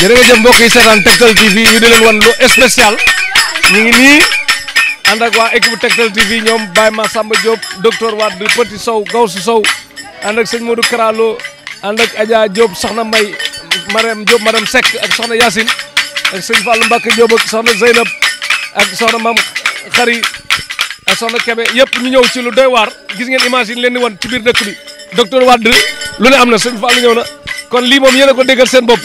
jërë nga jëf mbokk yi seetaan Tektal TV ñu di leen wan lu spécial ñu ngi nii ànd ak waa équipe Tektal TV ñoom Baye Massamba Diop docteur Wade Petit Sow Gawsu Sow ànd ak sëñ Modou Karalo ànd ak Adja Diop soxna May Marème Diop madame Seck ak soxna Yacine ak sëñ Fallou Mbacke Diop ak soxna Zeynab ak soxna Mam Xari ak soxna Kebe yëpp ñu ñëw si lu doy waar gis ngeen image yi leen di wan ci biir dëkk bi docteur Wade lu ne am na sëñ Fallou ñëw na kon lii moom yéen ko déggal seen bopp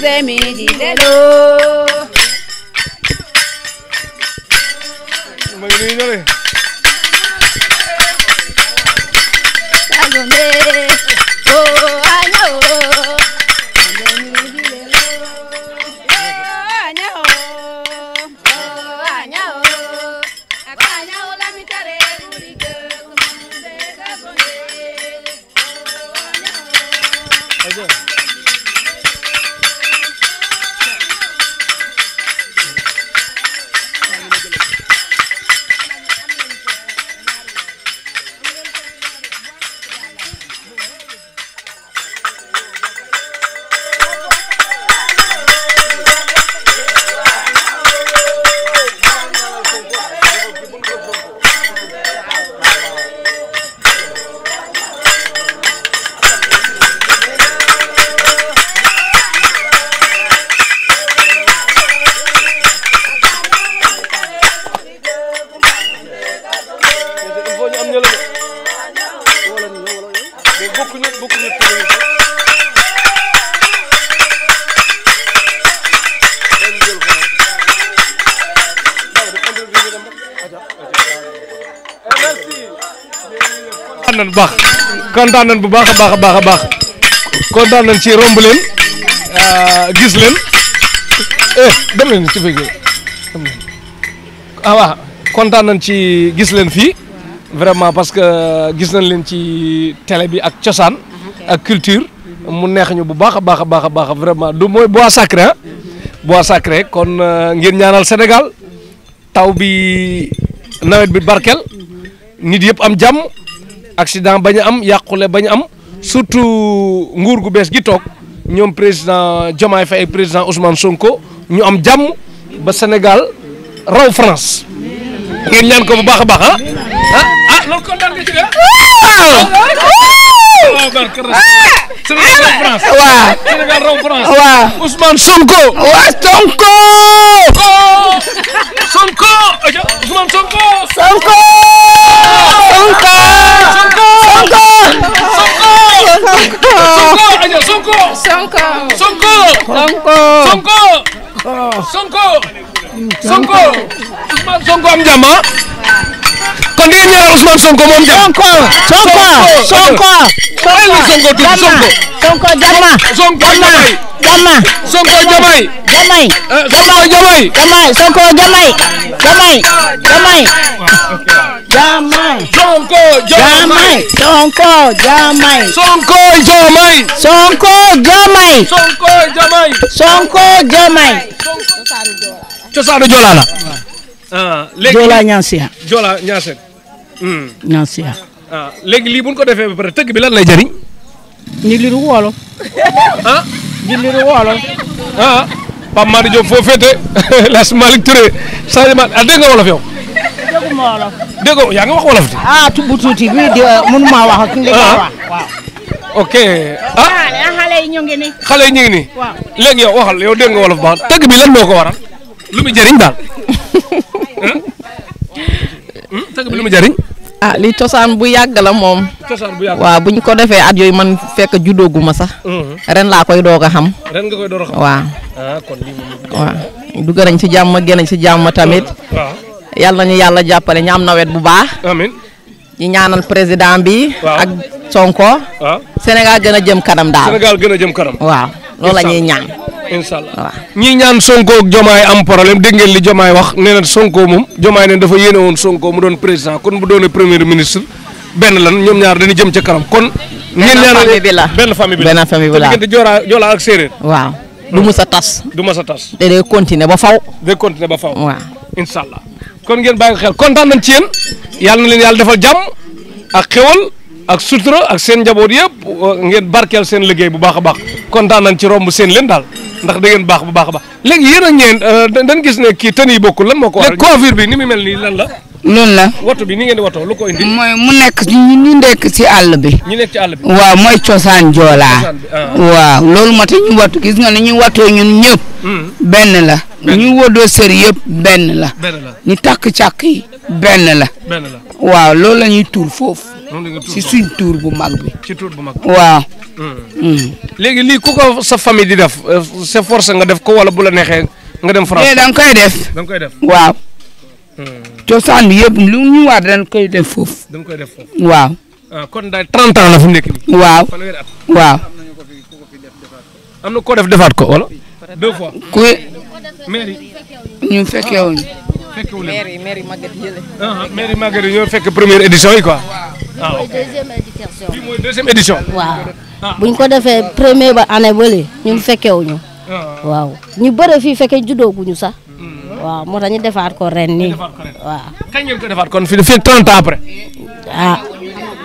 Mzee Midilelo. mooy nuyu na leen. Sagombe oo aña oo. Mzee Midilelo oo aña oo. oo aña oo. Ako aña oo lamitare kurike kumanze Sagombe oo aña oo. nañ bu baax kontaan nañ bu baax a baax a baax a baax kontaan nañ ci romb leen euh, gis leen eh dem leen ci fekkee ah waaw kontaan nañ ci gis leen fii vraiment parce que gis nañ leen ci télé bi ak cosaan ak culture mu neex ñu bu baax a baax a baax a baax vraiment du mooy bois sacré ah bois sacré kon euh, ngeen ñaanal Sénégal taw bi nawet bi barkel nit yëpp am jàmm accident bañ am yàqule bañ am surtout nguur gu bees gi toog ñoom président Diomaye Faye ak président Ousmane Sonko ñu am jàmm ba Sénégal raw France ngeen ñaan baax a baax ah ah, ah, ah. Oh. Sonko. Sonko. Sonko. Sonko Sonko Sonko Sonko Sonko Sonko Ousmane Sonko am jàmm kon di ngeen ñaanal Ousmane Sonko moom jàmm Sonko Sonko Sonko Sonko jàmm Sonko jàmm Sonko jamay jamay Sonko jamay jamay Sonko jamay jamay jamay Diomaye Sonko Diomaye Sonko Diomaye Sonko Diomaye Sonko Diomaye Sonko Diomaye Sonko Diomaye cosaanu Joola la Ñaasiya ah, Joola Ñaasiya Ñaasiya hmm. ah léegi lii bu ko defee ba pare tëgg bi lan lay jëriñ ñu liru woolo ah ñu liru woolo ah Las Malick Touré Sadio Mane ah dégg nga wolof déggu ma wolof. déggoo yaa ngi wax wolof ah, di. ah euh, bu tuuti bi di mënuma wax ak ki nga ah. wax waaw. ok ah. xale yi ñu ngi xale yi ñu ngi nii. yow waxal yow dégg nga wolof ba tëgg bi lan moo ko waral. lu mu ah, li cosaan bu yàgg la moom. cosaan bu ñu ko defee at yooyu man fekk juddoogu sax. ren laa koy doog a xam. ren nga koy doog a xam waaw. ah nañ ci jàmm génn ci jàmm tamit. yàlla nañu yàlla jàppale ñu am nawet bu baax. amiin ñu ñaanal président bi. ak Sonko. waaw Sénégal gën a jëm kanam daal. Sénégal gën a jëm kanam. waaw loolu la ñuy ñaan. incha allah waaw ñii ñaan Sonko ak Jomaay am problème dégg ngeen li Jomaay wax nee na Sonko moom Jomaay neen dafa yéene woon Sonko mu doon président kon bu doonee premier ministre benn lan ñoom ñaar dañuy jëm ca kanam kon. benn famille bi la benn famille bi la benn famille bi la te diggante Joolaa Joolaa ak Séeréer. waaw du mës a tas. du mës a tas. te day continuer ba faw. day continuer ba faw. waaw kon ngeen bàyyi ko xel kontaan nañ ci yéen yàlla na leen yàlla defal jàmm ak xéwal ak sutura ak seen njaboot yëpp euh, ngeen barkeel seen liggéey bu baax a baax kontaan nañ ci bu seen leen daal ndax da ngeen baax bu baax a baax léegi yéen ak ñeen euh, dañ gis ne kii tën yi bokkul lan moo ko waral coiffure bi ni mi mel nii lan la loolu la woto bi ni ngeen woto lu ko indi. mooy mu nekk ñu nekk ci àll bi. ñu nekk ci àll bi waaw mooy cosaan joolaa. Ah. waaw loolu moo tax ñu watu gis nga ni ñu watoo ñun ñëp hmm. benn la. ñu wodoo sër yëpp benn la. ñu takk càkk benn la. waaw loolu la ñuy tuur foofu. si suñ tuur bu mag bi. ci tuur bu mag bi waaw. Hmm. Hmm. léegi lii ku ko sa famille di def euh, sa force nga def ko wala bu la neexee nga dem France. Eh, da nga koy def. da nga koy def waaau hmm. cosaan bi yëpp lu ñu war dañ koy def foofu. dañ koy def foofu waaw. Ah, kon daal 30 ans la fu mu nekk nii. waaw waaw. am na ko def defaat ko wala. maire yi. ñun fekkewuñu. fekkewuñu yi maire yi Maguette jële. Ah, yi ñoo fekk première édition yi quoi. waaw ah, ah. buñ ko defee premier ba année bële ñun hmm. fekkewuñu. waaw ñu bëre fii fekkee juddooguñu sax. Hmm. waaw moo tax defaat ko ren nii. waaw. kañ ngeen ko defaat fii 30 après. ah.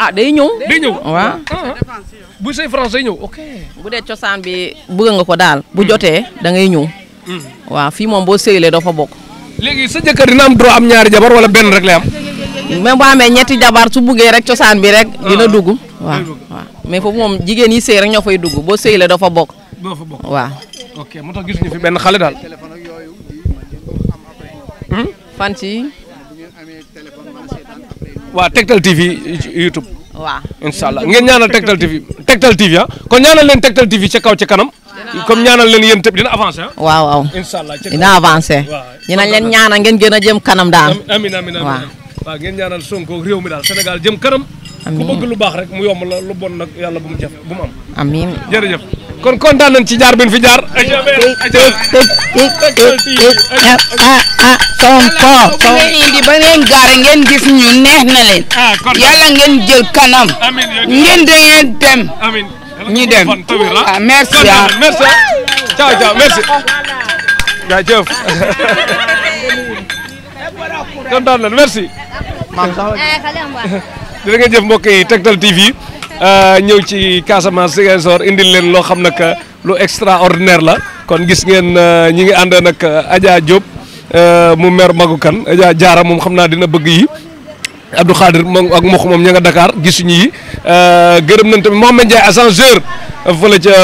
ah day ñëw. day ñëw waaw. Ah, ah. bu say France day ñëw ok. bu dee cosaan bi bëgg nga ko daal. bu jotee da ngay ñëw. Hmm. waaw fii moom boo sëylee dafa bokk. léegi sa jëkkër dina am am ñaari jabar wala benn rek lay am. même bu amee ñetti jabar su buggee rek cosaan bi rek. Ah. dina dugg mais foofu moom jigéen yi sëy rek ñoo fay dugg boo sëylee dafa bokk. dafa bokk waaw. ok moo benn xale daal. fan ci. waa Tektal TV YouTube. waaw incha allah ngeen ñaanal Tektal TV Tektal TV ah kon ñaanal leen Tektal TV ca kaw ca kanam. comme ñaanal leen yéen tëb dina avancé ah. waaw waaw incha allah dina avancé. ñu nañ leen ñaanal ngeen gën a jëm kanam daal. amiin amiin amiin waaw ngeen ñaanal Sonko réew mi daal Sénégal jëm kanam. amiin ku bëgg lu baax rek mu yomb la lu bon nag yàlla bu mu jëf bu mu am. amiin jërëjëf. kon kontaan nañ ci jaar bin fi jaar. ah ah Sonko. Sonko indi ba ngeen ngeen gis ñu neex na leen. ngeen jël kanam. ngeen da dem. ñu dem ah, merci ah. ciao merci. jaajëf. jëf mbokk yi Tektal TV. Euh, ñëw ci Casamance Ziguinchor indil leen loo xam nag euh, lu extraordinaire la kon gis ngeen euh, ñi ngi àndoon ak Adja Diop mu mer magu kan Adja Diarra moom xam naa dina bëgg yi Abdou Khadir moom ak Mokho moom ña nga dakaar Dakar gisuñu yi gërëm nañ tamit Mohamed Ndiaye assangeur fële ca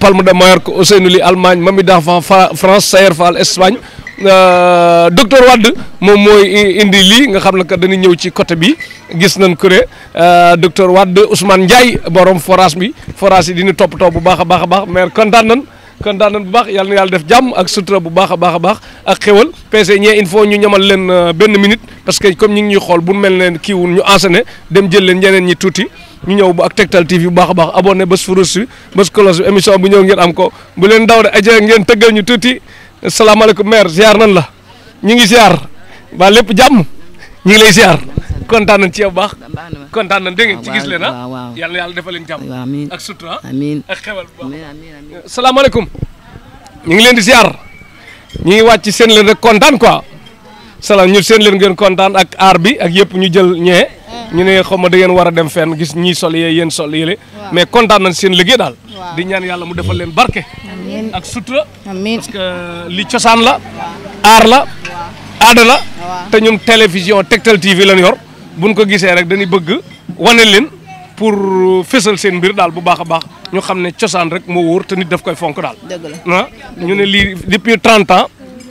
Palme de Mallorca Ousseynou Ly Allemagne Mami fa France Sayer Fall Espagne Euh, docteur Wade moom mooy indi lii nga xam ne que dañuy ñëw ci côté bi gis nañ ko ne euh, docteur Wade Ousmane Ndiaye borom forage bi forage yi dina toppatoo bu baax a baax a baax maire kantaan nañ kontaan bu baax yàlla na yàlla def jàmm ak sutura bu baax a baax a baax ak xéwal PC ñee il faut ñu ñamal leen euh, benn minute parce que comme ñu ngi ñuy xool bu mel ne kii ñu enseigné dem jël leen ñeneen ñi tuuti. ñu ñëw ba ak Tektal TV bu baax a baax abonné ne furus bi bés cloche bi émission bu ñëw ngeen am ko bu leen daw de aja ñu tuuti. salaamaaleykum maire ziar nan la ñu ngi ziar ba lépp jàmm ñu ngi lay ziar kontaan nañ ci yow baax kontaan nañ dégg ngeen ci ah, gis leen ah yàlla yàlla defal leen jàmm ak sutura ah. ak xewal bu baax salaamaaleykum ñu ngi leen di ziar ñu ngi wàcc seen leen rek kontaan quoi salaam ñu seen leen ngeen kontaan ak aar bi ak yëpp ñu jël ñee eh. ñu ne xaw ma da ngeen war a dem fenn gis ñii sol yee yéen sol yële mais kontaan nañ seen liggéey daal di ñaan yàlla mu defal leen barke ak sutura. amiin parce que euh, li cosaan la. aar la. aada la. te ñun télévision Tektal TV lañ yor buñ ko gisee rek dañuy bëgg wane leen pour fesal seen mbir daal bu baax a baax ñu xam ne cosaan rek moo wóor te nit daf koy fonk daal. dëgg la ah, ñu ne lii depuis 30 ans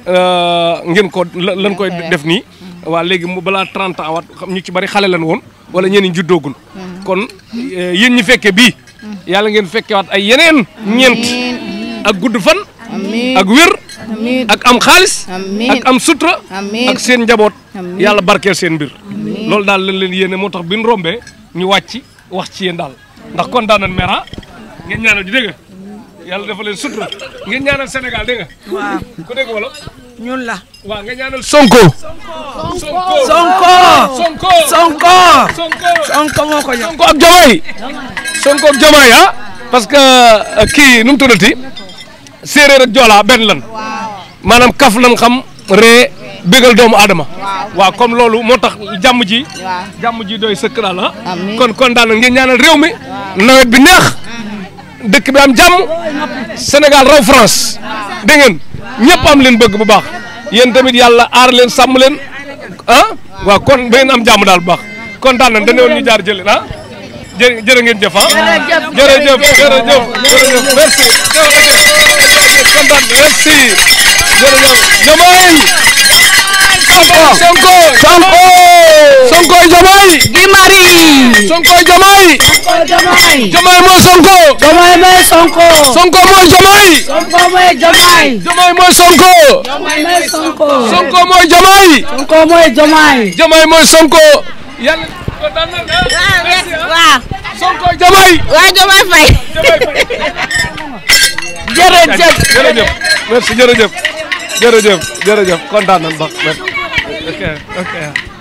euh, ngeen ko lan koy def nii. Mm-hmm. waa léegi mu balaa 30 ans waat xam ñu ci bari xale lan woon wala ñeen ñi juddoogul. Mm-hmm. kon euh, yéen ñi fekkee bii. Mm-hmm. yàlla ngeen fekke waat ay yeneen. ñeent ak gudd fan. ak wér. ak am xaalis. ak am sutura. ak seen njaboot. yàlla barkeel seen mbir. loolu daal lañ leen yéene moo tax bi ñu ñu wàcc wax ci yéen daal ndax kon daan nañ mera ah, ngeen ñaanal ji dégg leen sutura ngeen ñaanal Sénégal dégg la. waaw nga ñaanal Sonko. Sonko Sonko Sonko Sonko moo ko ñor. Sonko ak Diomaye Sonko ak Diomaye ah parce que euh, kii nu mu tuddati. séeréer ak benn lan maanaam kaf lan xam ree bégal doomu aadama waa comme loolu moo tax jàmm ji jàmm ji doy sëkk daal ah. kon kon daal ngeen ñaanal réew mi nawet bi neex dëkk bi am jàmm Sénégal raw France dégg ngeen am leen bëgg bu baax yéen tamit yàlla aar leen sàmm leen ah waaw kon ba am jam daal bu baax kon daal nañ dañoo ñu jaar jëlee ah jërë ngeen jëf ah jërëjëf di kontaan merci jërëjëf Diomaye Sonko Sonko Sonko Sonko Diomaye Guy Marius Sonko Diomaye Diomaye mooy Sonko Diomaye mooy Sonko Sonko mooy Diomaye Sonko mooy Diomaye Diomaye mooy Sonko Diomaye mooy Sonko Sonko mooy Diomaye Sonko mooy Diomaye Diomaye mooy Sonko yàlla ko daan na waaw Sonko Diomaye waaw Diomaye Faye jërëjëf jërëjëf merci jërëjëf jërëjëf jërëjëf kontaan nañ ba ok ok